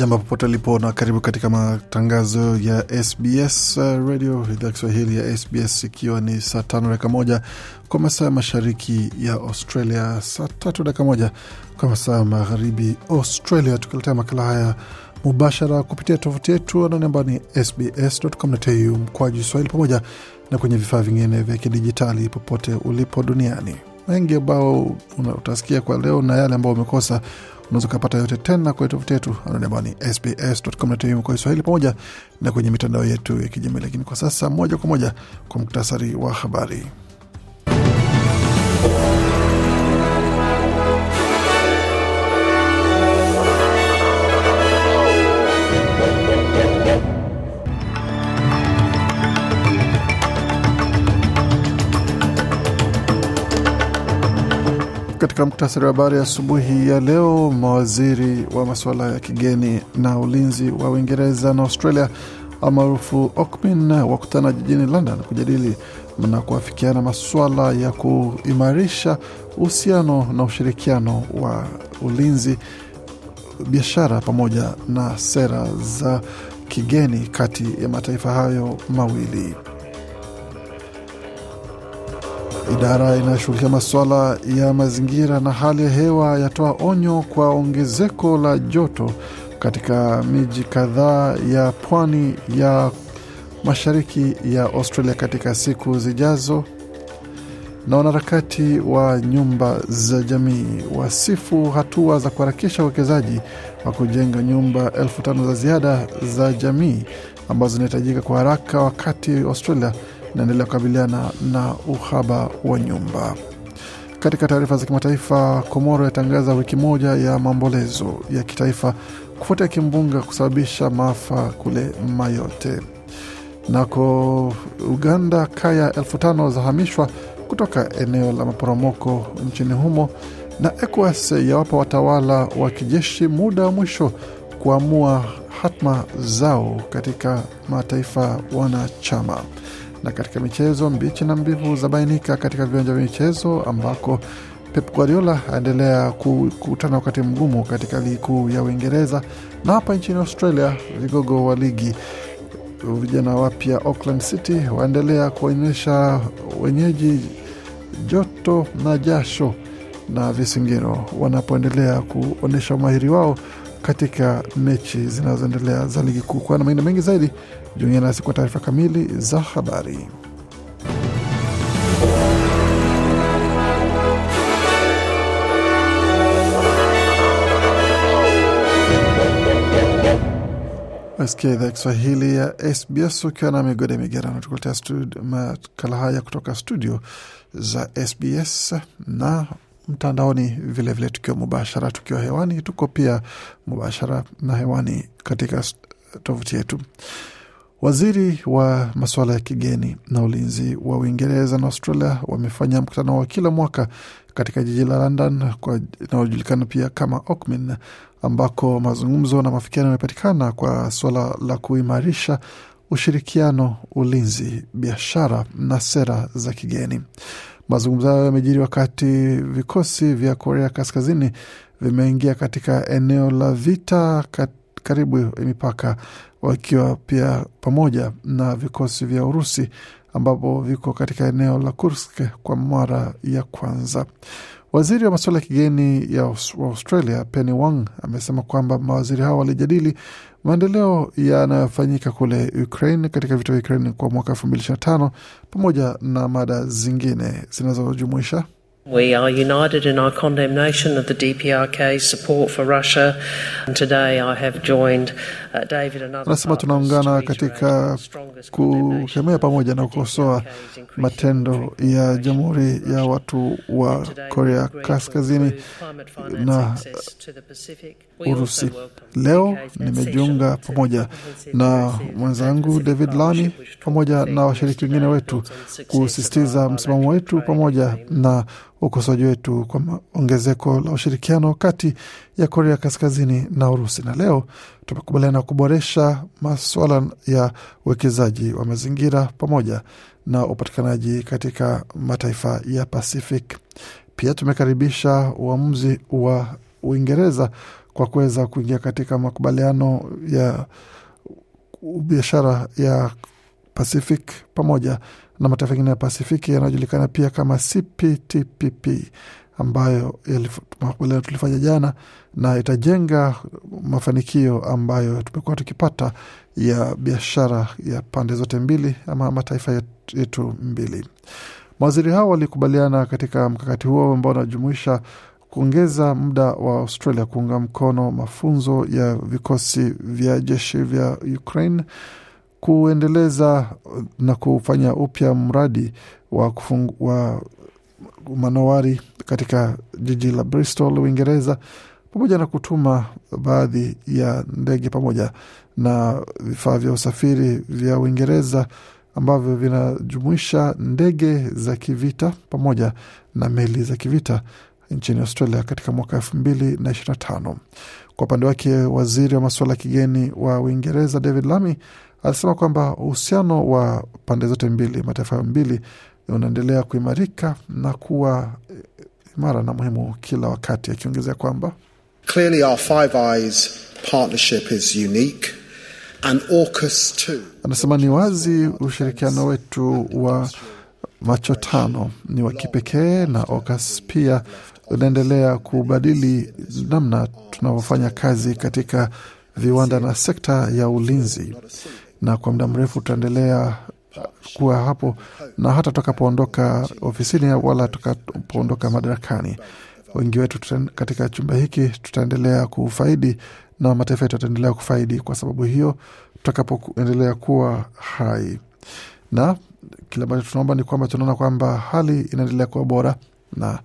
Jambo popote ulipo na karibu katika matangazo ya SBS uh, Radio, idhaa ya Kiswahili ya SBS, ikiwa ni saa tano dakika moja kwa masaa ya mashariki ya Australia, saa tatu dakika moja kwa masaa ya magharibi Australia, tukiletea makala haya mubashara kupitia tovuti yetu anwani ambayo ni sbs.com.au mkwaju swahili, pamoja na kwenye vifaa vingine vya kidijitali popote ulipo duniani. Mengi ambao utasikia kwa leo na yale ambao umekosa unaweza ukapata yote tena kwenye tovuti yetu ambayo ni sbs.com.au kwa Kiswahili pamoja na kwenye mitandao yetu ya kijamii. Lakini kwa sasa moja kwa moja kwa muktasari wa habari. katika muktasari wa habari asubuhi ya, ya leo, mawaziri wa masuala ya kigeni na ulinzi wa Uingereza na Australia almaarufu OCMIN wakutana jijini London kujadili na kuafikiana masuala ya kuimarisha uhusiano na ushirikiano wa ulinzi, biashara pamoja na sera za kigeni kati ya mataifa hayo mawili. Idara inayoshughulikia masuala ya mazingira na hali ya hewa yatoa onyo kwa ongezeko la joto katika miji kadhaa ya pwani ya mashariki ya Australia katika siku zijazo. Na wanaharakati wa nyumba za jamii wasifu hatua za kuharakisha uwekezaji wa kujenga nyumba elfu tano za ziada za jamii ambazo zinahitajika kwa haraka wakati Australia inaendelea kukabiliana na uhaba wa nyumba. Katika taarifa za kimataifa, Komoro yatangaza wiki moja ya maombolezo ya kitaifa kufuatia kimbunga kusababisha maafa kule mayote Nako Uganda, kaya elfu tano zahamishwa kutoka eneo la maporomoko nchini humo, na ECOWAS yawapa watawala wa kijeshi muda wa mwisho kuamua hatma zao katika mataifa wanachama. Na katika michezo, mbichi na mbivu zabainika katika viwanja vya michezo ambako Pep Guardiola aendelea kukutana wakati mgumu katika ligi kuu ya Uingereza, na hapa nchini Australia vigogo wa ligi vijana wapya Auckland City waendelea kuonyesha wenyeji joto na jasho na visingino wanapoendelea kuonyesha umahiri wao katika mechi zinazoendelea za ligi kuu. Kwa na mengine mengi zaidi Jiunge nasi kwa taarifa kamili za habari. Wasikia idhaa ya Kiswahili ya SBS ukiwa na migode migerano, tukuletea makala haya kutoka studio za SBS na mtandaoni vilevile, tukiwa mubashara, tukiwa hewani. Tuko pia mubashara na hewani katika tovuti yetu Waziri wa masuala ya kigeni na ulinzi wa Uingereza na Australia wamefanya mkutano wa kila mwaka katika jiji la London inayojulikana pia kama Okmin, ambako mazungumzo na mafikiano yamepatikana kwa suala la kuimarisha ushirikiano, ulinzi, biashara na sera za kigeni. Mazungumzo hayo yamejiri wakati vikosi vya Korea Kaskazini vimeingia katika eneo la vita kat, karibu mipaka wakiwa pia pamoja na vikosi vya Urusi ambapo viko katika eneo la Kursk kwa mara ya kwanza. Waziri wa masuala ya kigeni ya Australia Penny Wong amesema kwamba mawaziri hao walijadili maendeleo yanayofanyika kule Ukraine katika vita vya Ukraine kwa mwaka elfu mbili ishirini na tano pamoja na mada zingine zinazojumuisha We are united in our condemnation of the DPRK support for Russia. And today I have joined uh, David and Anasema tunaungana katika kukemea pamoja na kukosoa matendo ya Jamhuri ya Watu wa Korea Kaskazini na Urusi. Leo nimejiunga pamoja na mwenzangu David Lani pamoja na washiriki wengine wetu kusisitiza msimamo wetu pamoja na ukosoaji wetu kwa ongezeko la ushirikiano kati ya Korea Kaskazini na Urusi, na leo tumekubaliana kuboresha masuala ya uwekezaji wa mazingira pamoja na upatikanaji katika mataifa ya Pacific. Pia tumekaribisha uamuzi wa Uingereza kwa kuweza kuingia katika makubaliano ya biashara ya Pacific pamoja na mataifa mengine ya Pasifiki yanayojulikana pia kama CPTPP ambayo makubaliano tulifanya jana na itajenga mafanikio ambayo tumekuwa tukipata ya biashara ya pande zote mbili ama mataifa yetu mbili. Mawaziri hao walikubaliana katika mkakati huo ambao unajumuisha kuongeza muda wa Australia kuunga mkono mafunzo ya vikosi vya jeshi vya Ukraine kuendeleza na kufanya upya mradi wa, kufungu, wa manowari katika jiji la Bristol, Uingereza, pamoja na kutuma baadhi ya ndege pamoja na vifaa vya usafiri vya Uingereza ambavyo vinajumuisha ndege za kivita pamoja na meli za kivita nchini Australia katika mwaka elfu mbili na ishirini na tano. Kwa upande wake, waziri wa masuala ya kigeni wa Uingereza David Lamy alisema kwamba uhusiano wa pande zote mbili, mataifa mbili, unaendelea kuimarika na kuwa eh, imara na muhimu kila wakati, akiongezea kwamba anasema ni wazi ushirikiano wetu wa macho tano ni wa kipekee na OCAS pia unaendelea kubadili namna tunavyofanya kazi katika viwanda na sekta ya ulinzi na kwa muda mrefu tutaendelea uh, kuwa hapo na hata tutakapoondoka ofisini wala tutakapoondoka madarakani. Wengi wetu katika chumba hiki tutaendelea kufaidi na mataifa yetu yataendelea kufaidi. Kwa sababu hiyo, tutakapoendelea kuwa hai na kile ambacho tunaomba ni kwamba tunaona kwamba hali inaendelea kuwa bora na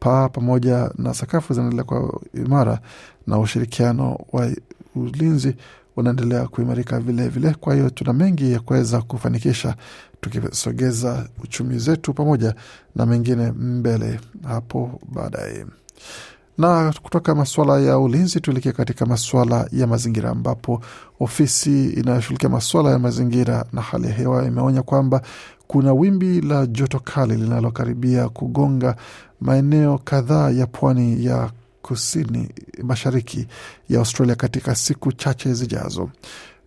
paa pamoja na sakafu zinaendelea kuwa imara na ushirikiano wa ulinzi unaendelea kuimarika vilevile. Kwa hiyo tuna mengi ya kuweza kufanikisha tukisogeza uchumi zetu pamoja na mengine mbele hapo baadaye. Na kutoka masuala ya ulinzi tuelekee katika masuala ya mazingira, ambapo ofisi inayoshughulikia masuala ya mazingira na hali ya hewa imeonya kwamba kuna wimbi la joto kali linalokaribia kugonga maeneo kadhaa ya pwani ya kusini mashariki ya Australia katika siku chache zijazo.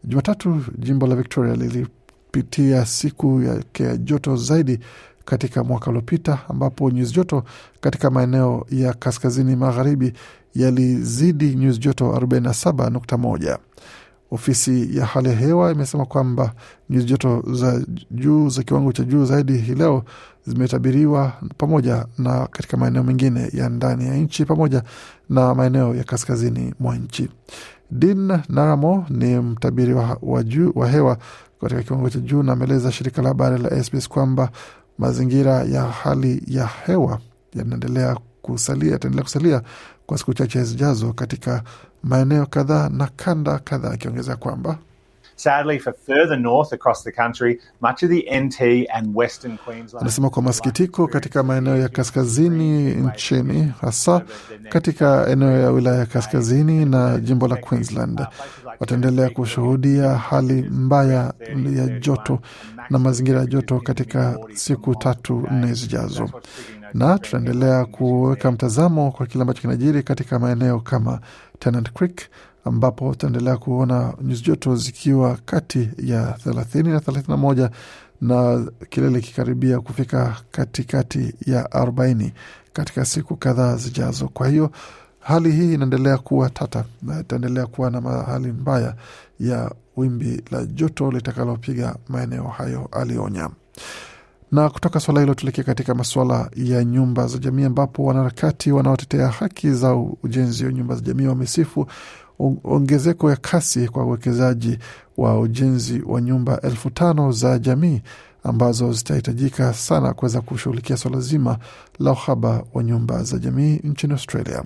Jumatatu, jimbo la Victoria lilipitia siku yake ya joto zaidi katika mwaka uliopita ambapo nyuzi joto katika maeneo ya kaskazini magharibi yalizidi nyuzi joto 47.1. Ofisi ya hali ya hewa imesema kwamba nyuzi joto za juu za kiwango cha juu zaidi hii leo zimetabiriwa pamoja na katika maeneo mengine ya ndani ya nchi pamoja na maeneo ya kaskazini mwa nchi. Din Naramo ni mtabiri wa, wa, juu, wa hewa katika kiwango cha juu na ameeleza shirika la habari la SBS kwamba mazingira ya hali ya hewa yanaendelea kusalia ataendelea kusalia kwa siku chache zijazo katika maeneo kadhaa na kanda kadhaa, akiongeza kwamba Anasema kwa masikitiko, katika maeneo ya kaskazini nchini, hasa katika eneo ya wilaya ya kaskazini na jimbo la Queensland, wataendelea kushuhudia hali mbaya ya joto na mazingira ya joto katika siku tatu nne zijazo na tunaendelea kuweka mtazamo kwa kile ambacho kinajiri katika maeneo kama Tennant Creek ambapo tutaendelea kuona nyuzi joto zikiwa kati ya thelathini na thelathini na moja na kilele kikaribia kufika katikati ya arobaini katika siku kadhaa zijazo. Kwa hiyo hali hii inaendelea kuwa tata na itaendelea kuwa na hali mbaya ya wimbi la joto litakalopiga maeneo hayo, alionya. Na kutoka suala hilo tuelekee katika masuala ya nyumba za jamii, ambapo wanaharakati wanaotetea haki za ujenzi wa nyumba za jamii wamesifu ongezeko ya kasi kwa uwekezaji wa ujenzi wa nyumba elfu tano za jamii ambazo zitahitajika sana kuweza kushughulikia swala zima la uhaba wa nyumba za jamii nchini Australia.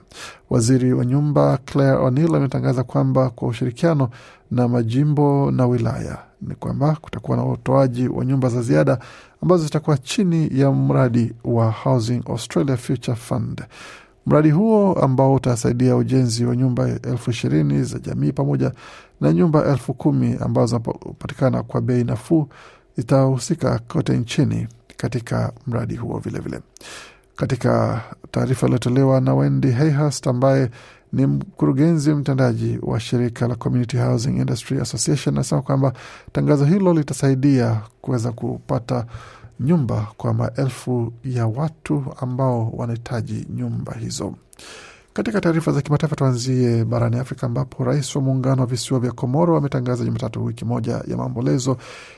Waziri wa nyumba Claire O'Neill ametangaza kwamba kwa ushirikiano na majimbo na wilaya ni kwamba kutakuwa na utoaji wa nyumba za ziada ambazo zitakuwa chini ya mradi wa Housing Australia Future Fund. Mradi huo ambao utasaidia ujenzi wa nyumba elfu ishirini za jamii pamoja na nyumba elfu kumi ambazo zinapatikana kwa bei nafuu itahusika kote nchini katika mradi huo vilevile vile. Katika taarifa iliyotolewa na Wendy Hayhurst ambaye ni mkurugenzi mtendaji wa shirika la Community Housing Industry Association, anasema kwamba tangazo hilo litasaidia kuweza kupata nyumba kwa maelfu ya watu ambao wanahitaji nyumba hizo. Katika taarifa za kimataifa, tuanzie barani Afrika ambapo rais wa muungano wa visiwa vya Komoro ametangaza Jumatatu wiki moja ya maombolezo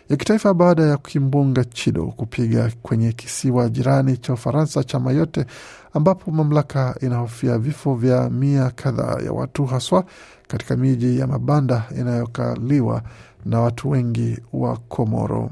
ya kitaifa baada ya kimbunga Chido kupiga kwenye kisiwa jirani cha Ufaransa cha Mayotte, ambapo mamlaka inahofia vifo vya mia kadhaa ya watu haswa katika miji ya mabanda inayokaliwa na watu wengi wa Komoro.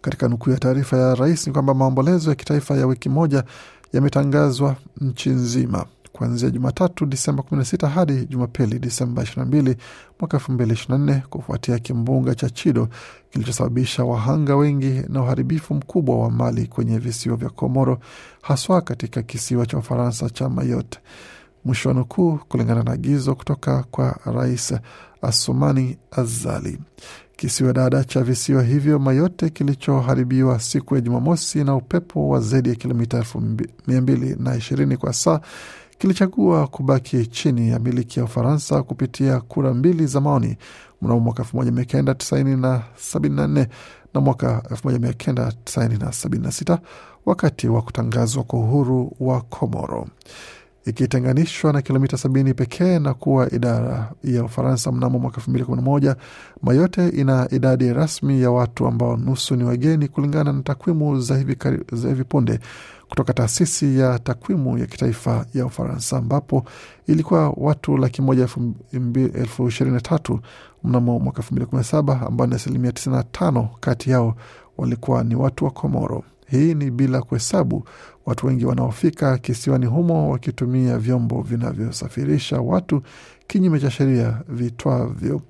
Katika nukuu ya taarifa ya rais ni kwamba maombolezo ya kitaifa ya wiki moja yametangazwa nchi nzima kuanzia Jumatatu Disemba 16 hadi Jumapili Disemba 22 mwaka 2024 kufuatia kimbunga cha Chido kilichosababisha wahanga wengi na uharibifu mkubwa wa mali kwenye visiwa vya Komoro, haswa katika kisiwa cha Ufaransa cha Mayotte. Mwisho wa nukuu, kulingana na agizo kutoka kwa Rais Asumani Azali. Kisiwa dada cha visiwa hivyo Mayote kilichoharibiwa siku ya Jumamosi na upepo wa zaidi ya kilomita elfu mia mbili na ishirini kwa saa kilichagua kubaki chini ya miliki ya Ufaransa kupitia kura mbili za maoni mnamo mwaka tisaini na mwaka sita wakati wa kutangazwa kwa uhuru wa Komoro ikitenganishwa na kilomita sabini pekee na kuwa idara ya Ufaransa mnamo mwaka moja. Mayote ina idadi rasmi ya watu ambao nusu ni wageni kulingana na takwimu za hivi, za hivi punde kutoka taasisi ya takwimu ya kitaifa ya Ufaransa, ambapo ilikuwa watu laki moja elfu ishirini na tatu mnamo mwaka saba ambao ni asilimia 95 kati yao walikuwa ni watu wa Komoro. Hii ni bila kuhesabu watu wengi wanaofika kisiwani humo wakitumia vyombo vinavyosafirisha watu kinyume cha sheria vitwavyo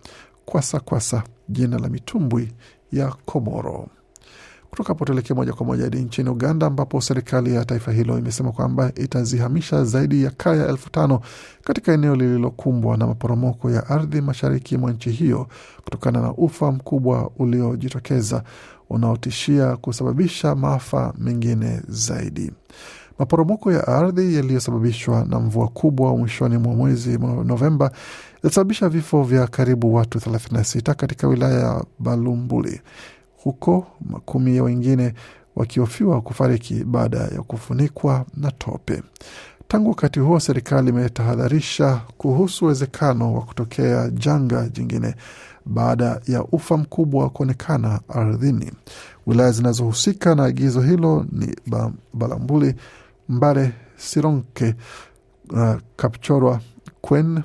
kwasa kwasa, jina la mitumbwi ya Komoro. Kutoka hapo tuelekee moja kwa moja hadi nchini Uganda, ambapo serikali ya taifa hilo imesema kwamba itazihamisha zaidi ya kaya elfu tano katika eneo lililokumbwa na maporomoko ya ardhi mashariki mwa nchi hiyo kutokana na ufa mkubwa uliojitokeza unaotishia kusababisha maafa mengine zaidi. Maporomoko ya ardhi yaliyosababishwa na mvua kubwa mwishoni mwa mwezi Novemba yalisababisha vifo vya karibu watu 36 katika wilaya ya Balumbuli, huko makumi ya wengine wakihofiwa kufariki baada ya kufunikwa na tope. Tangu wakati huo, serikali imetahadharisha kuhusu uwezekano wa kutokea janga jingine baada ya ufa mkubwa kuonekana ardhini. Wilaya zinazohusika na agizo hilo ni Balambuli, Mbare, Sironke, uh, Kapchorwa, Kwen,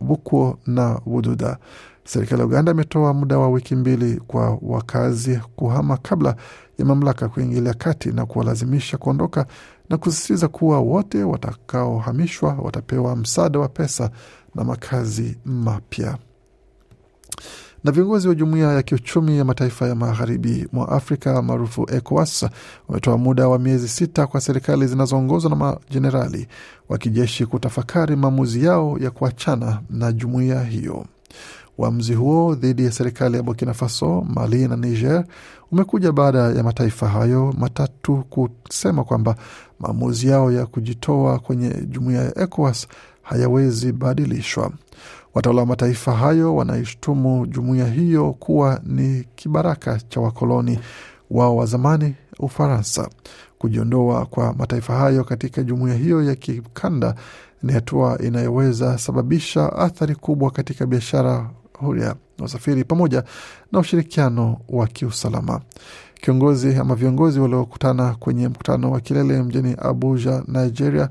Bukuo na Wududa. Serikali ya Uganda imetoa muda wa wiki mbili kwa wakazi kuhama kabla ya mamlaka kuingilia kati na kuwalazimisha kuondoka na kusisitiza kuwa wote watakaohamishwa watapewa msaada wa pesa na makazi mapya na viongozi wa jumuiya ya kiuchumi ya mataifa ya magharibi mwa Afrika maarufu ECOWAS wametoa muda wa miezi sita kwa serikali zinazoongozwa na majenerali wa kijeshi kutafakari maamuzi yao ya kuachana na jumuiya hiyo. Uamuzi huo dhidi ya serikali ya Burkina Faso, Mali na Niger umekuja baada ya mataifa hayo matatu kusema kwamba maamuzi yao ya kujitoa kwenye jumuiya ya ECOWAS hayawezi badilishwa. Watawala wa mataifa hayo wanaishtumu jumuiya hiyo kuwa ni kibaraka cha wakoloni wao wa zamani Ufaransa. Kujiondoa kwa mataifa hayo katika jumuiya hiyo ya kikanda ni hatua inayoweza sababisha athari kubwa katika biashara huria na usafiri pamoja na ushirikiano wa kiusalama. Kiongozi ama viongozi waliokutana kwenye mkutano wa kilele mjini Abuja, Nigeria,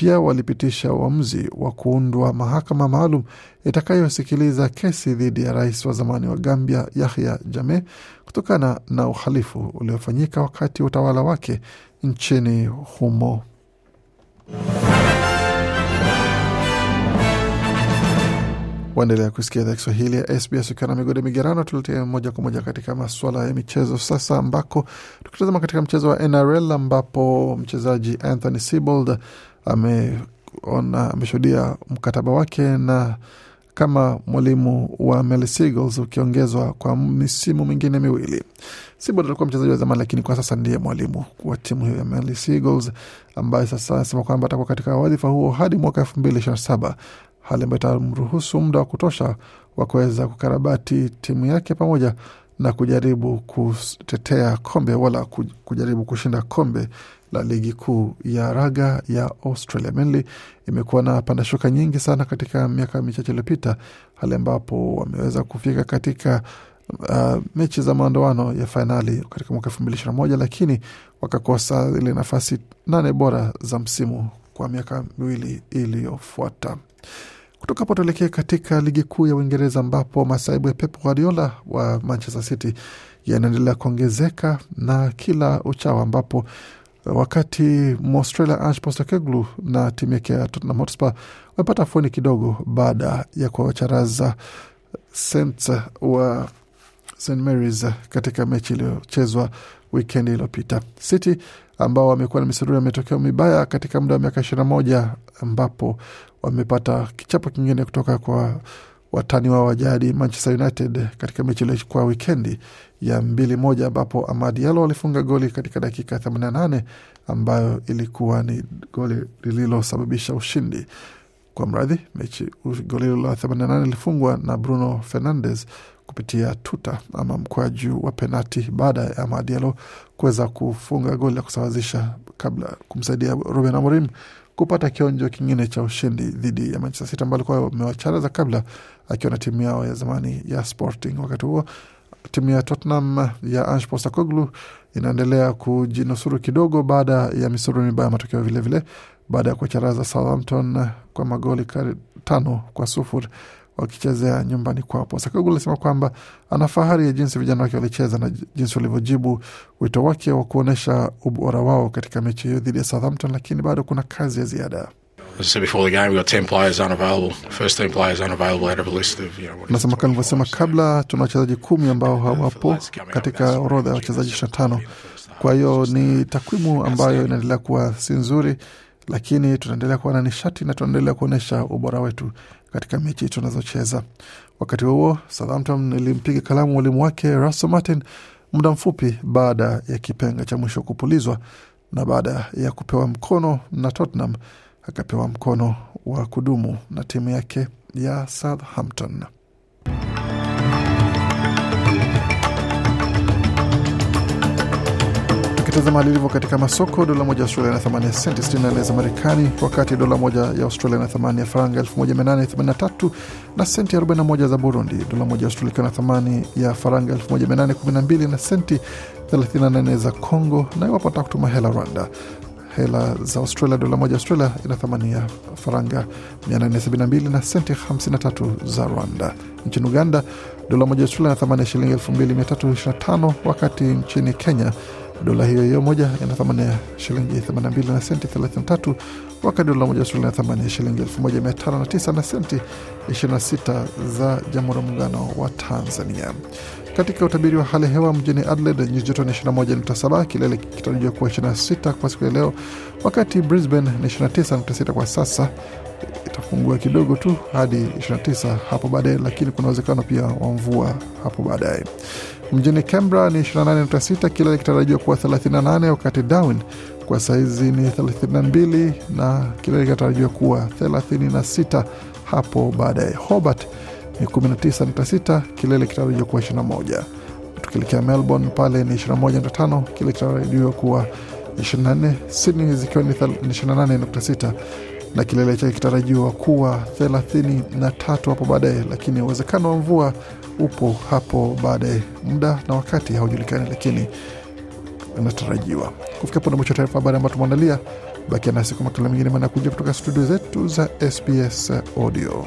pia walipitisha uamuzi wa kuundwa mahakama maalum itakayosikiliza kesi dhidi ya rais wa zamani wa Gambia Yahya jame kutokana na uhalifu uliofanyika wakati wa utawala wake nchini humo. Waendelea kusikia idhaa Kiswahili ya SBS ukiwa na migode migerano. Tuletea moja kwa moja katika maswala ya michezo sasa, ambako tukitazama katika mchezo wa NRL ambapo mchezaji Anthony Sibold ameona ameshuhudia mkataba wake na kama mwalimu wa Melbourne Seagulls ukiongezwa kwa misimu mingine miwili. Sibold alikuwa mchezaji wa zamani, lakini kwa sasa ndiye mwalimu wa timu hiyo ya Melbourne Seagulls ambaye sasa anasema kwamba atakuwa katika wadhifa huo hadi mwaka elfu mbili ishirini na saba hali ambayo itamruhusu muda wa kutosha wa kuweza kukarabati timu yake pamoja na kujaribu kutetea kombe wala kujaribu kushinda kombe la ligi kuu ya raga ya Australia. Manly imekuwa na pandashuka nyingi sana katika miaka michache iliyopita, hali ambapo wameweza kufika katika uh, mechi za maandoano ya fainali katika mwaka elfu mbili ishirini na moja lakini wakakosa ile nafasi nane bora za msimu kwa miaka miwili iliyofuata. Kutoka hapo tuelekee katika ligi kuu ya Uingereza ambapo masaibu ya Pep Guardiola wa Manchester City yanaendelea kuongezeka na kila uchao, ambapo eh, wakati Australia Ange Postecoglou na timu yake ya Tottenham Hotspur wamepata afueni kidogo baada ya kuwacharaza Saints wa St Marys katika mechi iliyochezwa wikendi iliyopita. City ambao wamekuwa na misururi ya matokeo mibaya katika muda wa miaka ishirini na moja ambapo wamepata kichapo kingine kutoka kwa watani wao wa jadi Manchester United katika mechi iliyochukua wikendi ya mbili moja ambapo Amad Diallo alifunga goli katika dakika 88 ambayo ilikuwa ni goli lililosababisha ushindi kwa mradhi mechi. Goli hilo la 88 lilifungwa na Bruno Fernandes kupitia tuta ama mkwaju wa penati baada ya madialo kuweza kufunga goli la kusawazisha kabla kumsaidia Ruben Amorim kupata kionjo kingine cha ushindi dhidi ya Manchester City ambao alikuwa amewacharaza kabla akiwa na timu yao ya zamani ya Sporting. Wakati huo timu ya Tottenham ya Ange Postecoglou inaendelea kujinusuru kidogo baada ya misururu mibaya ya matokeo vilevile, baada ya kuwacharaza Southampton kwa magoli tano kwa sufuri wakichezea nyumbani kwapo. Sakagul anasema kwamba ana fahari ya jinsi vijana wake walicheza na jinsi walivyojibu wito wake wa kuonyesha ubora wao katika mechi hiyo dhidi ya Southampton, lakini bado kuna kazi ya ziada. Nasema kama nilivyosema kabla, tuna wachezaji kumi ambao hawapo katika orodha ya wachezaji ishirini na tano. Kwa hiyo ni takwimu ambayo inaendelea kuwa si nzuri lakini tunaendelea kuwa na nishati na tunaendelea kuonyesha ubora wetu katika mechi tunazocheza. Wakati huo Southampton ilimpiga kalamu mwalimu wake Russell Martin muda mfupi baada ya kipenga cha mwisho kupulizwa na baada ya kupewa mkono na Tottenham akapewa mkono wa kudumu na timu yake ya Southampton. tazama hali ilivyo katika masoko. Dola moja ya Australia na thamani ya senti 64 za Marekani, wakati dola moja ya Australia na thamani ya faranga 1883 na senti 41 za Burundi. Dola moja ya Australia ikiwa na thamani ya faranga 1812 na senti 38 za Congo. Na iwapo wataka kutuma hela Rwanda, hela za Australia, dola moja Australia ina thamani ya faranga 872 na senti 53 za Rwanda. Nchini Uganda, dola moja Australia ina thamani ya shilingi 2325, wakati nchini Kenya Dola hiyo hiyo moja ina thamani ya shilingi 82 na senti 33, wakati dola moja Australia ina thamani ya shilingi 1509 na senti 26 za Jamhuri ya Muungano wa Tanzania. Katika utabiri wa hali ya hewa mjini Adelaide, nyuzi joto ni 21.7, kilele kitarajiwa kuwa 26 kwa siku ya leo, wakati Brisbane ni 29.6 kwa sasa, itafungua kidogo tu hadi 29 hapo baadaye, lakini kuna uwezekano pia wa mvua hapo baadaye. Mjini Canberra ni 28.6, kilele kitarajiwa kuwa 38, wakati Darwin kwa saizi ni 32 na kilele kinatarajiwa kuwa 36 hapo baadaye. Hobart ni 19.6, kilele kitarajiwa kuwa 21. Tukielekea Melbourne pale ni 21.5, kilele kitarajiwa kuwa 24, Sydney zikiwa ni 28.6 na kilele chake kitarajiwa kuwa 33 hapo baadaye, lakini uwezekano wa mvua upo hapo baadaye. Muda na wakati haujulikani, lakini inatarajiwa kufikia punde. Mwisho taarifa habari ambayo tumeandalia. Bakia nasi kwa makala mengine manakuja kutoka studio zetu za SBS Audio.